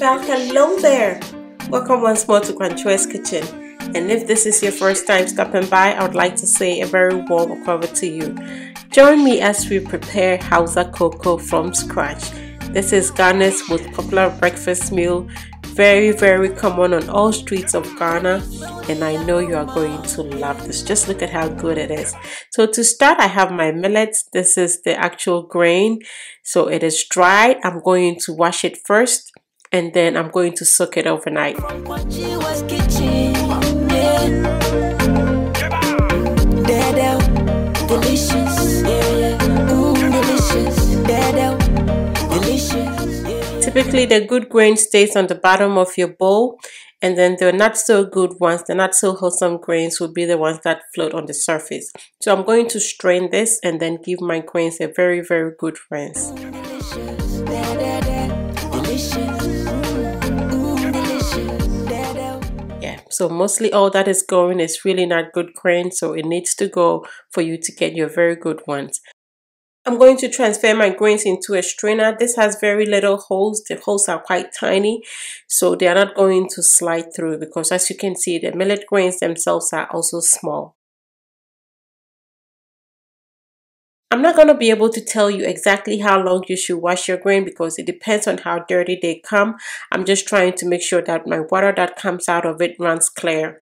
Well, hello there! Welcome once more to Granchoi's Kitchen. And if this is your first time stopping by, I would like to say a very warm welcome to you. Join me as we prepare Hausa cocoa from scratch. This is Ghana's most popular breakfast meal, very, very common on all streets of Ghana. And I know you are going to love this. Just look at how good it is. So, to start, I have my millets. This is the actual grain. So, it is dried. I'm going to wash it first and then I'm going to soak it overnight. Typically the good grain stays on the bottom of your bowl and then the not so good ones, the not so wholesome grains will be the ones that float on the surface. So I'm going to strain this and then give my grains a very very good rinse. So mostly all that is going is really not good grain. So it needs to go for you to get your very good ones. I'm going to transfer my grains into a strainer. This has very little holes. The holes are quite tiny, so they are not going to slide through because as you can see, the millet grains themselves are also small. I'm not going to be able to tell you exactly how long you should wash your grain because it depends on how dirty they come. I'm just trying to make sure that my water that comes out of it runs clear.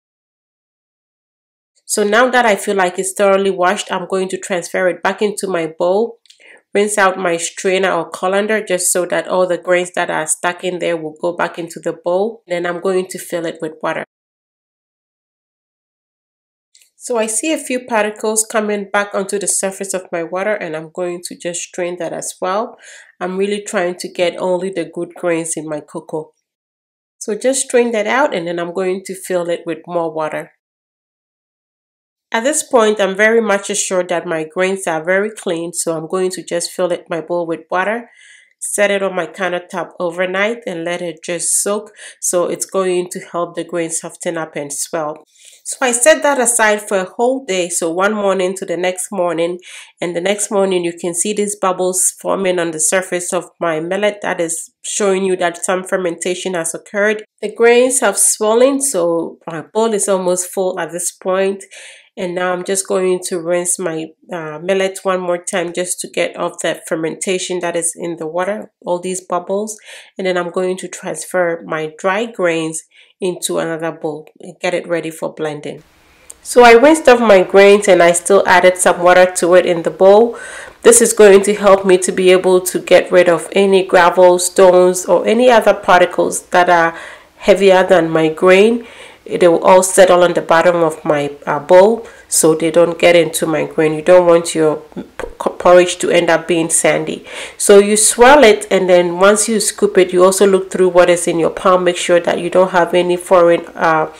So now that I feel like it's thoroughly washed, I'm going to transfer it back into my bowl. Rinse out my strainer or colander just so that all the grains that are stuck in there will go back into the bowl. Then I'm going to fill it with water. So I see a few particles coming back onto the surface of my water and I'm going to just strain that as well. I'm really trying to get only the good grains in my cocoa. So just strain that out and then I'm going to fill it with more water. At this point, I'm very much assured that my grains are very clean, so I'm going to just fill it, my bowl with water, set it on my countertop overnight and let it just soak so it's going to help the grains soften up and swell. So I set that aside for a whole day. So one morning to the next morning. And the next morning you can see these bubbles forming on the surface of my millet. That is showing you that some fermentation has occurred. The grains have swollen. So my bowl is almost full at this point. And now I'm just going to rinse my uh, millet one more time just to get off that fermentation that is in the water, all these bubbles. And then I'm going to transfer my dry grains into another bowl and get it ready for blending. So I rinsed off my grains and I still added some water to it in the bowl. This is going to help me to be able to get rid of any gravel, stones or any other particles that are heavier than my grain they will all settle on the bottom of my uh, bowl so they don't get into my grain you don't want your porridge to end up being sandy so you swirl it and then once you scoop it you also look through what is in your palm make sure that you don't have any foreign uh,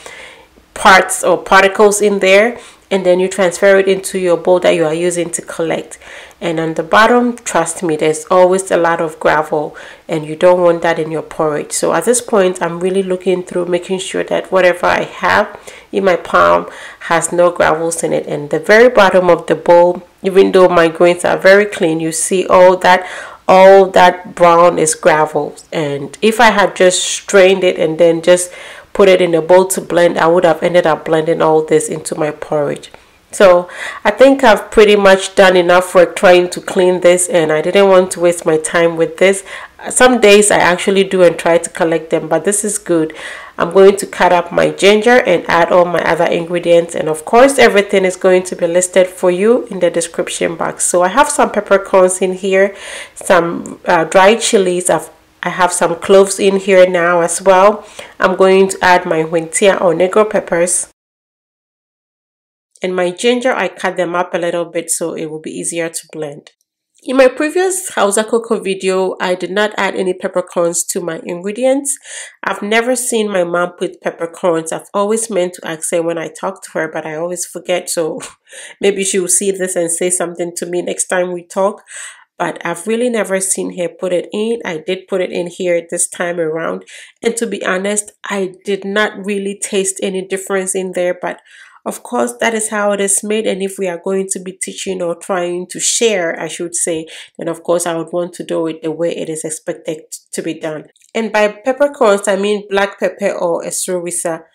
parts or particles in there and then you transfer it into your bowl that you are using to collect and on the bottom trust me there's always a lot of gravel and you don't want that in your porridge so at this point i'm really looking through making sure that whatever i have in my palm has no gravels in it and the very bottom of the bowl even though my grains are very clean you see all that all that brown is gravel and if i had just strained it and then just put it in a bowl to blend, I would have ended up blending all this into my porridge. So I think I've pretty much done enough work trying to clean this and I didn't want to waste my time with this. Some days I actually do and try to collect them but this is good. I'm going to cut up my ginger and add all my other ingredients and of course everything is going to be listed for you in the description box. So I have some peppercorns in here, some uh, dried chilies I've I have some cloves in here now as well. I'm going to add my huentia or negro peppers. And my ginger, I cut them up a little bit so it will be easier to blend. In my previous Hausa Coco video, I did not add any peppercorns to my ingredients. I've never seen my mom put peppercorns. I've always meant to ask her when I talk to her, but I always forget. So maybe she will see this and say something to me next time we talk but I've really never seen her put it in. I did put it in here this time around. And to be honest, I did not really taste any difference in there, but of course, that is how it is made. And if we are going to be teaching or trying to share, I should say, then of course I would want to do it the way it is expected to be done. And by peppercorns, I mean black pepper or esrewisa,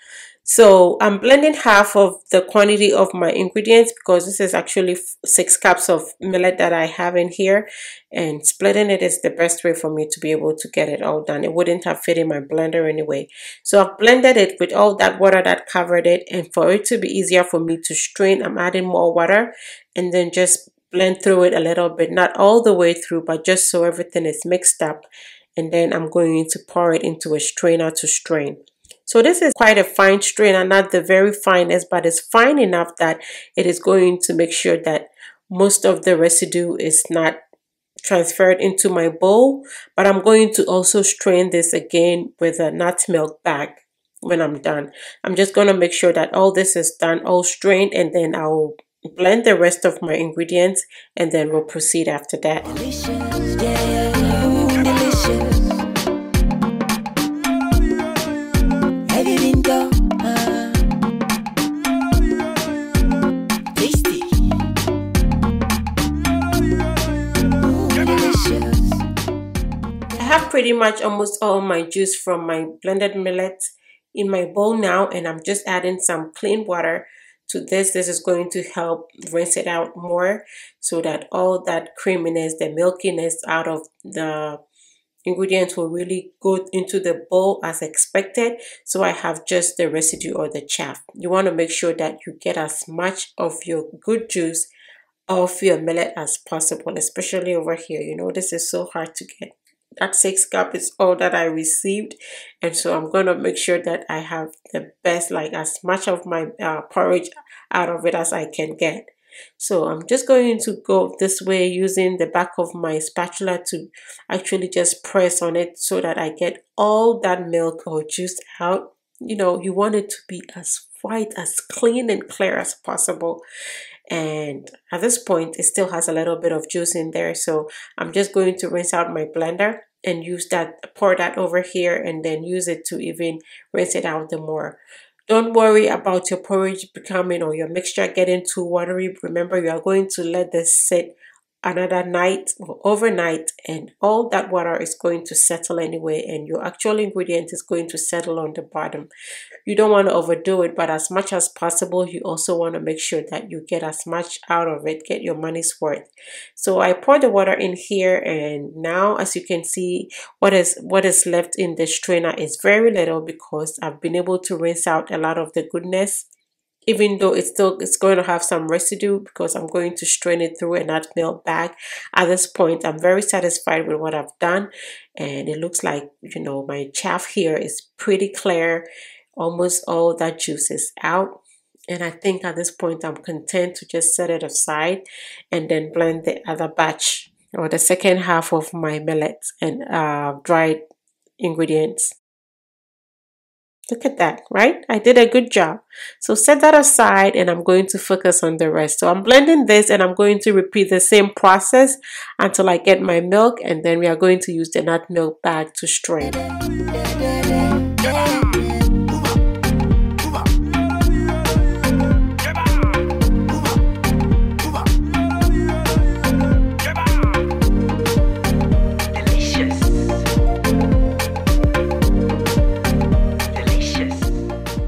so I'm blending half of the quantity of my ingredients because this is actually six cups of millet that I have in here and splitting it is the best way for me to be able to get it all done. It wouldn't have fit in my blender anyway. So I've blended it with all that water that covered it and for it to be easier for me to strain, I'm adding more water and then just blend through it a little bit, not all the way through, but just so everything is mixed up. And then I'm going to pour it into a strainer to strain. So this is quite a fine strain and not the very finest, but it's fine enough that it is going to make sure that most of the residue is not transferred into my bowl. But I'm going to also strain this again with a nut milk bag when I'm done. I'm just going to make sure that all this is done, all strained, and then I'll blend the rest of my ingredients and then we'll proceed after that. pretty much almost all my juice from my blended millet in my bowl now and I'm just adding some clean water to this. This is going to help rinse it out more so that all that creaminess, the milkiness out of the ingredients will really go into the bowl as expected. So I have just the residue or the chaff. You want to make sure that you get as much of your good juice of your millet as possible, especially over here. You know, this is so hard to get that six cup is all that I received and so I'm going to make sure that I have the best like as much of my uh, porridge out of it as I can get so I'm just going to go this way using the back of my spatula to actually just press on it so that I get all that milk or juice out you know you want it to be as white as clean and clear as possible and at this point it still has a little bit of juice in there so I'm just going to rinse out my blender and use that pour that over here and then use it to even rinse it out the more don't worry about your porridge becoming or your mixture getting too watery remember you are going to let this sit another night or overnight and all that water is going to settle anyway and your actual ingredient is going to settle on the bottom. You don't want to overdo it but as much as possible you also want to make sure that you get as much out of it, get your money's worth. So I pour the water in here and now as you can see what is what is left in the strainer is very little because I've been able to rinse out a lot of the goodness even though it's still it's going to have some residue because I'm going to strain it through and add milk back. at this point I'm very satisfied with what I've done and it looks like you know my chaff here is pretty clear almost all that juice is out and I think at this point I'm content to just set it aside and then blend the other batch or the second half of my millet and uh, dried ingredients Look at that, right? I did a good job. So set that aside and I'm going to focus on the rest. So I'm blending this and I'm going to repeat the same process until I get my milk and then we are going to use the nut milk bag to strain.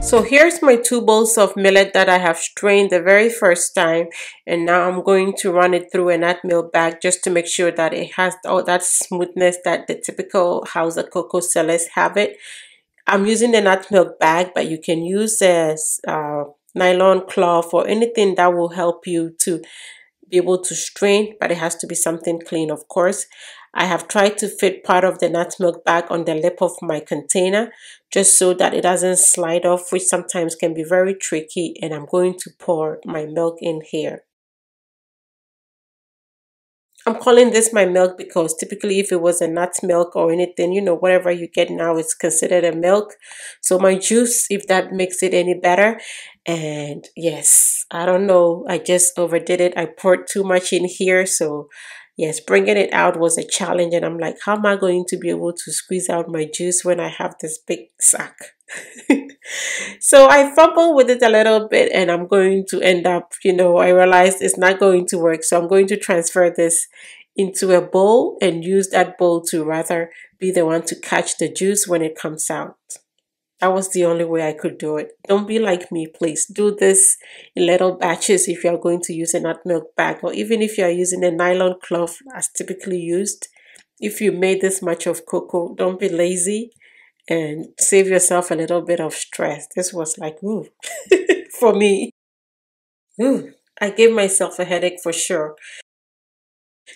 So here's my two bowls of millet that I have strained the very first time and now I'm going to run it through an milk bag just to make sure that it has all that smoothness that the typical house of cocoa sellers have it. I'm using an milk bag but you can use a uh, nylon cloth or anything that will help you to be able to strain, but it has to be something clean, of course. I have tried to fit part of the nut milk bag on the lip of my container just so that it doesn't slide off, which sometimes can be very tricky. And I'm going to pour my milk in here. I'm calling this my milk because typically if it was a nut milk or anything, you know, whatever you get now is considered a milk. So my juice, if that makes it any better. And yes, I don't know. I just overdid it. I poured too much in here. So yes, bringing it out was a challenge. And I'm like, how am I going to be able to squeeze out my juice when I have this big sack? so I fumble with it a little bit and I'm going to end up, you know, I realized it's not going to work. So I'm going to transfer this into a bowl and use that bowl to rather be the one to catch the juice when it comes out. That was the only way I could do it. Don't be like me, please. Do this in little batches if you are going to use a nut milk bag or even if you are using a nylon cloth as typically used. If you made this much of cocoa, don't be lazy and save yourself a little bit of stress. This was like, ooh, for me. Ooh, I gave myself a headache for sure.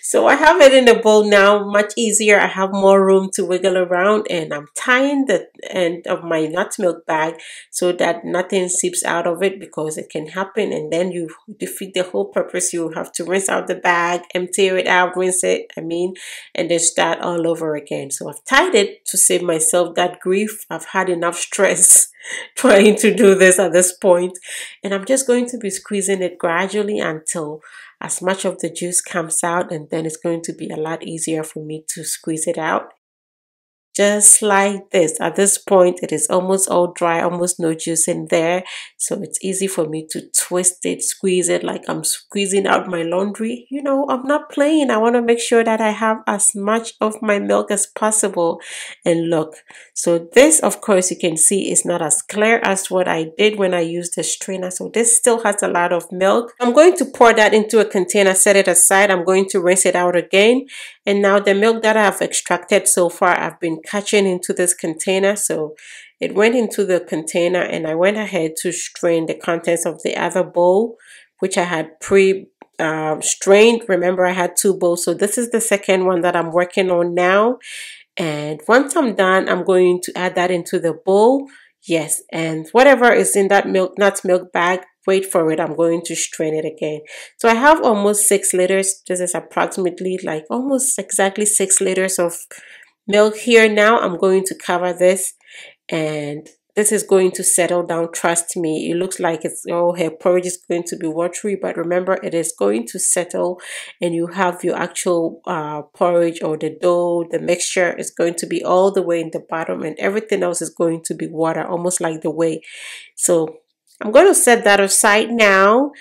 So I have it in a bowl now, much easier. I have more room to wiggle around and I'm tying the end of my nut milk bag so that nothing seeps out of it because it can happen and then you defeat the whole purpose. You have to rinse out the bag, empty it out, rinse it, I mean, and then start all over again. So I've tied it to save myself that grief. I've had enough stress trying to do this at this And I'm just going to be squeezing it gradually until as much of the juice comes out and then it's going to be a lot easier for me to squeeze it out just like this. At this point, it is almost all dry, almost no juice in there. So it's easy for me to twist it, squeeze it like I'm squeezing out my laundry. You know, I'm not playing. I want to make sure that I have as much of my milk as possible. And look, so this, of course, you can see is not as clear as what I did when I used the strainer. So this still has a lot of milk. I'm going to pour that into a container, set it aside. I'm going to rinse it out again and now the milk that I've extracted so far, I've been catching into this container. So it went into the container and I went ahead to strain the contents of the other bowl, which I had pre uh, strained. Remember, I had two bowls. So this is the second one that I'm working on now. And once I'm done, I'm going to add that into the bowl. Yes, and whatever is in that milk nut milk bag, wait for it i'm going to strain it again so i have almost six liters this is approximately like almost exactly six liters of milk here now i'm going to cover this and this is going to settle down trust me it looks like it's oh her porridge is going to be watery but remember it is going to settle and you have your actual uh, porridge or the dough the mixture is going to be all the way in the bottom and everything else is going to be water almost like the way so I'm going to set that aside now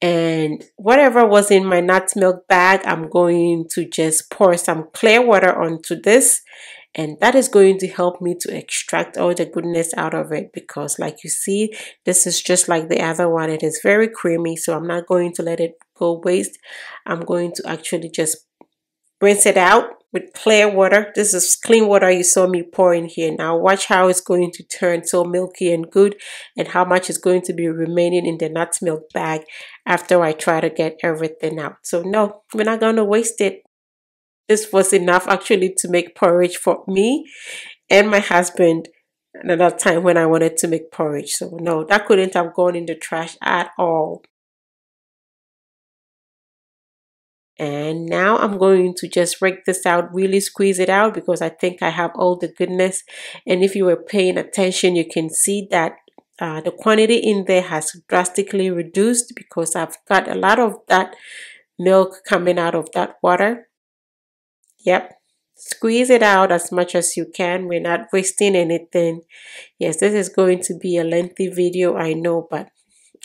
and whatever was in my nut milk bag, I'm going to just pour some clear water onto this and that is going to help me to extract all the goodness out of it because like you see this is just like the other one it is very creamy so I'm not going to let it go waste I'm going to actually just rinse it out with clear water. This is clean water you saw me pour in here. Now watch how it's going to turn so milky and good and how much is going to be remaining in the nut milk bag after I try to get everything out. So no, we're not going to waste it. This was enough actually to make porridge for me and my husband another time when I wanted to make porridge. So no, that couldn't have gone in the trash at all. And now I'm going to just rake this out, really squeeze it out because I think I have all the goodness. And if you were paying attention, you can see that uh, the quantity in there has drastically reduced because I've got a lot of that milk coming out of that water. Yep, squeeze it out as much as you can. We're not wasting anything. Yes, this is going to be a lengthy video, I know, but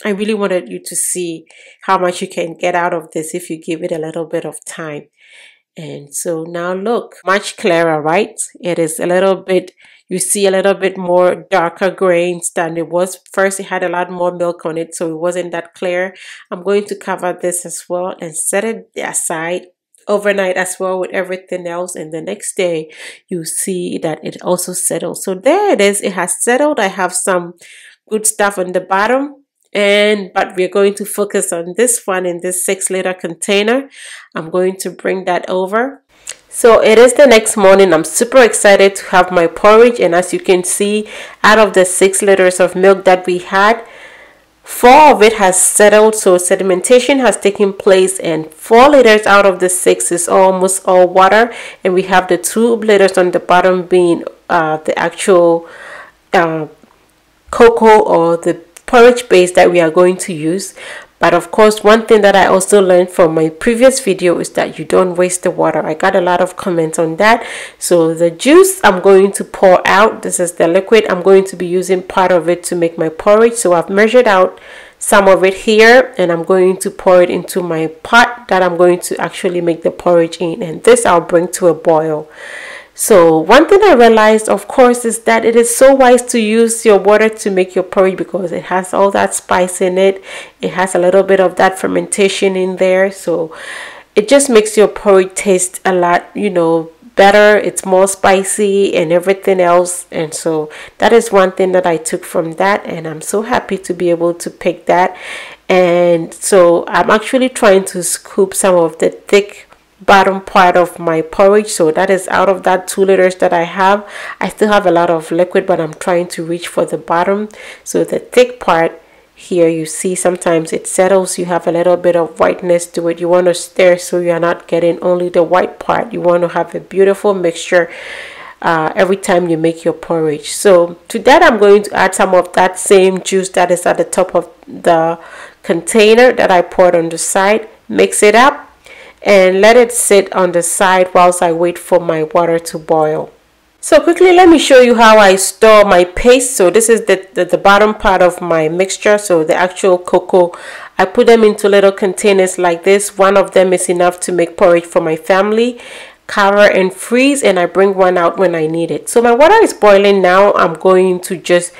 I really wanted you to see how much you can get out of this if you give it a little bit of time. And so now look, much clearer, right? It is a little bit, you see a little bit more darker grains than it was. First, it had a lot more milk on it, so it wasn't that clear. I'm going to cover this as well and set it aside overnight as well with everything else. And the next day, you see that it also settles. So there it is. It has settled. I have some good stuff on the bottom and but we're going to focus on this one in this six liter container I'm going to bring that over so it is the next morning I'm super excited to have my porridge and as you can see out of the six liters of milk that we had four of it has settled so sedimentation has taken place and four liters out of the six is almost all water and we have the two liters on the bottom being uh, the actual uh, cocoa or the porridge base that we are going to use but of course one thing that i also learned from my previous video is that you don't waste the water i got a lot of comments on that so the juice i'm going to pour out this is the liquid i'm going to be using part of it to make my porridge so i've measured out some of it here and i'm going to pour it into my pot that i'm going to actually make the porridge in and this i'll bring to a boil so, one thing I realized, of course, is that it is so wise to use your water to make your porridge because it has all that spice in it. It has a little bit of that fermentation in there. So, it just makes your porridge taste a lot, you know, better. It's more spicy and everything else. And so, that is one thing that I took from that. And I'm so happy to be able to pick that. And so, I'm actually trying to scoop some of the thick bottom part of my porridge so that is out of that two liters that i have i still have a lot of liquid but i'm trying to reach for the bottom so the thick part here you see sometimes it settles you have a little bit of whiteness to it you want to stir so you're not getting only the white part you want to have a beautiful mixture uh, every time you make your porridge so to that i'm going to add some of that same juice that is at the top of the container that i poured on the side mix it up and let it sit on the side whilst I wait for my water to boil. So quickly let me show you how I store my paste. So this is the, the, the, bottom part of my mixture. So the actual cocoa. I put them into little containers like this. One of them is enough to make porridge for my family. Cover and freeze and I bring one out when I need it. So my water is boiling now. I'm going to just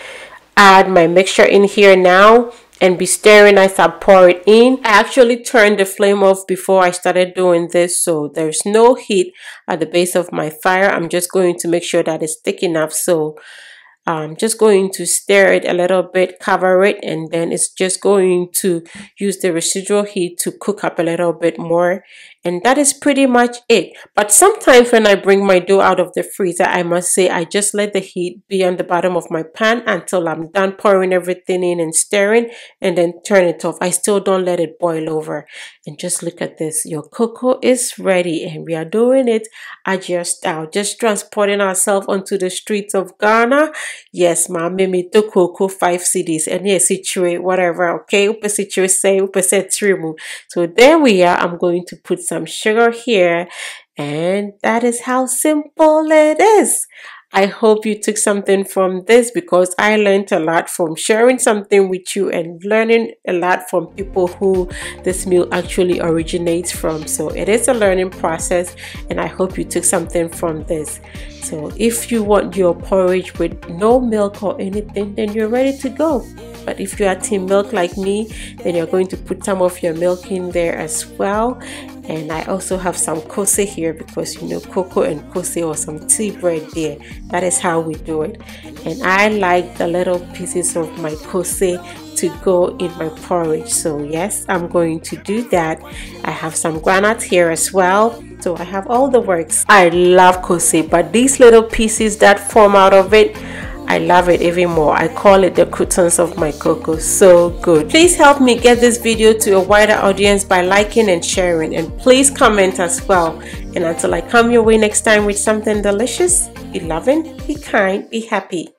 add my mixture in here now and be stirring as I pour it in. I actually turned the flame off before I started doing this so there's no heat at the base of my fire. I'm just going to make sure that it's thick enough so I'm just going to stir it a little bit, cover it and then it's just going to use the residual heat to cook up a little bit more and that is pretty much it. But sometimes when I bring my dough out of the freezer, I must say I just let the heat be on the bottom of my pan until I'm done pouring everything in and stirring and then turn it off. I still don't let it boil over. And just look at this. Your cocoa is ready and we are doing it Ajia style. Just transporting ourselves onto the streets of Ghana. Yes, ma mimi to cocoa five cities and yes, situate whatever. Okay, upa situate say upa set So there we are. I'm going to put some some sugar here. And that is how simple it is. I hope you took something from this because I learned a lot from sharing something with you and learning a lot from people who this meal actually originates from. So it is a learning process and I hope you took something from this. So if you want your porridge with no milk or anything, then you're ready to go. But if you are team milk like me, then you're going to put some of your milk in there as well and I also have some kose here because you know cocoa and kose or some tea bread there that is how we do it and I like the little pieces of my kose to go in my porridge so yes I'm going to do that I have some granite here as well so I have all the works I love kose but these little pieces that form out of it I love it even more. I call it the croutons of my cocoa. So good. Please help me get this video to a wider audience by liking and sharing and please comment as well. And until I come your way next time with something delicious, be loving, be kind, be happy.